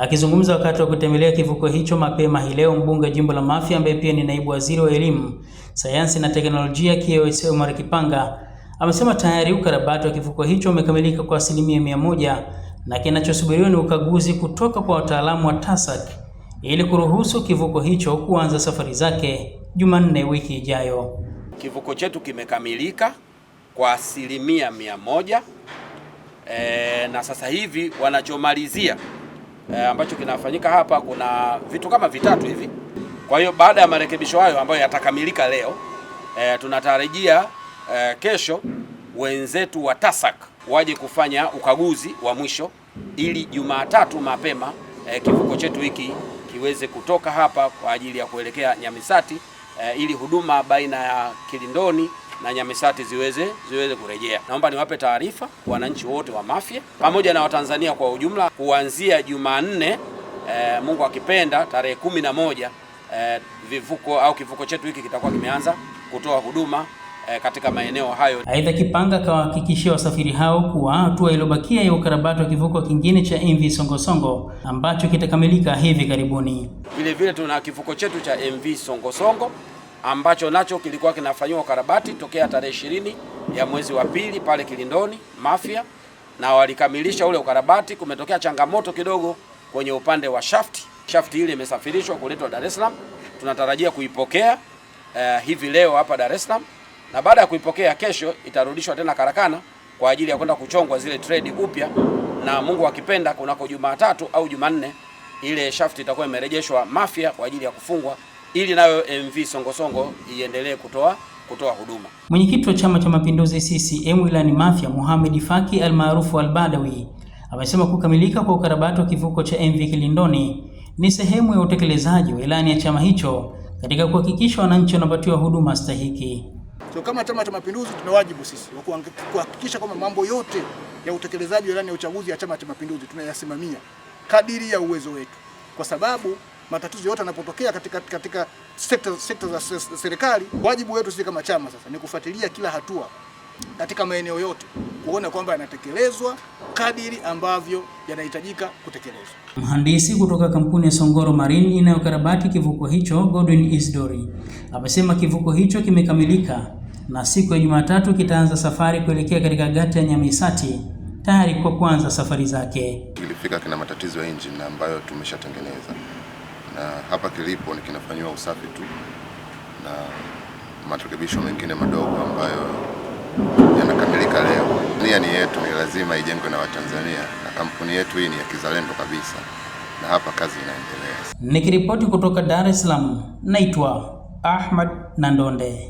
Akizungumza wakati wa kutembelea kivuko hicho mapema hii leo, mbunge wa jimbo la Mafia ambaye pia ni naibu waziri wa elimu, sayansi na teknolojia KOS Omar Kipanga amesema tayari ukarabati wa kivuko hicho umekamilika kwa asilimia mia moja na kinachosubiriwa ni ukaguzi kutoka kwa wataalamu wa TASAC ili kuruhusu kivuko hicho kuanza safari zake Jumanne wiki ijayo. Kivuko chetu kimekamilika kwa asilimia mia moja e, na sasa hivi wanachomalizia e, ambacho kinafanyika hapa, kuna vitu kama vitatu hivi. Kwa hiyo baada ya marekebisho hayo ambayo yatakamilika leo e, tunatarajia e, kesho wenzetu wa TASAC waje kufanya ukaguzi wa mwisho ili Jumatatu mapema e, kivuko chetu hiki kiweze kutoka hapa kwa ajili ya kuelekea Nyamisati eh, ili huduma baina ya Kilindoni na Nyamisati ziweze ziweze kurejea. Naomba niwape taarifa wananchi wote wa Mafia pamoja na Watanzania kwa ujumla kuanzia Jumanne eh, Mungu akipenda tarehe kumi na moja eh, vivuko au kivuko chetu hiki kitakuwa kimeanza kutoa huduma eh, katika maeneo hayo. Aidha, Kipanga akawahakikishia wasafiri hao kuwa hatua iliyobakia ya ukarabati wa kivuko kingine cha MV Songosongo ambacho kitakamilika hivi karibuni. Vile vile tuna kivuko chetu cha MV Songosongo ambacho nacho kilikuwa kinafanyiwa ukarabati tokea tarehe ishirini ya mwezi wa pili pale Kilindoni Mafia, na walikamilisha ule ukarabati. Kumetokea changamoto kidogo kwenye upande wa shafti. Shafti ile imesafirishwa kuletwa Dar es Salaam, tunatarajia kuipokea uh, hivi leo hapa Dar es Salaam na baada ya kuipokea kesho itarudishwa tena karakana kwa ajili ya kwenda kuchongwa zile tredi upya, na Mungu akipenda, kunako Jumatatu au Jumanne ile shafti itakuwa imerejeshwa Mafia kwa ajili ya kufungwa ili nayo MV Songosongo iendelee kutoa kutoa huduma. Mwenyekiti wa Chama cha Mapinduzi CCM wilayani Mafia, Mohamed Faki almaarufu Albadawi, amesema kukamilika kwa ukarabati wa kivuko cha MV Kilindoni ni sehemu ya utekelezaji wa ilani ya chama hicho katika kuhakikisha wananchi wanapatiwa huduma stahiki. So kama Chama cha Mapinduzi tuna wajibu sisi wa kuhakikisha kwamba mambo yote ya utekelezaji wa ilani ya uchaguzi ya Chama cha Mapinduzi tunayasimamia kadiri ya uwezo wetu, kwa sababu matatizo yote yanapotokea katika, katika sekta, sekta za serikali, wajibu wetu sisi kama chama sasa ni kufuatilia kila hatua katika maeneo yote kuona kwamba yanatekelezwa kadiri ambavyo yanahitajika kutekelezwa. Mhandisi kutoka kampuni ya Songoro Marine inayokarabati kivuko hicho Godwin Isdori amesema kivuko hicho kimekamilika na siku ya Jumatatu kitaanza safari kuelekea katika gati ya Nyamisati tayari kwa kuanza safari zake. Kilifika kina matatizo ya engine ambayo tumeshatengeneza, na hapa kilipo ni kinafanyiwa usafi tu na marekebisho mengine madogo ambayo yanakamilika leo. Nia ni yetu, ni lazima ijengwe na Watanzania na kampuni yetu hii ni ya kizalendo kabisa, na hapa kazi inaendelea. Nikiripoti kutoka Dar es Salaam, naitwa Ahmad Nandonde.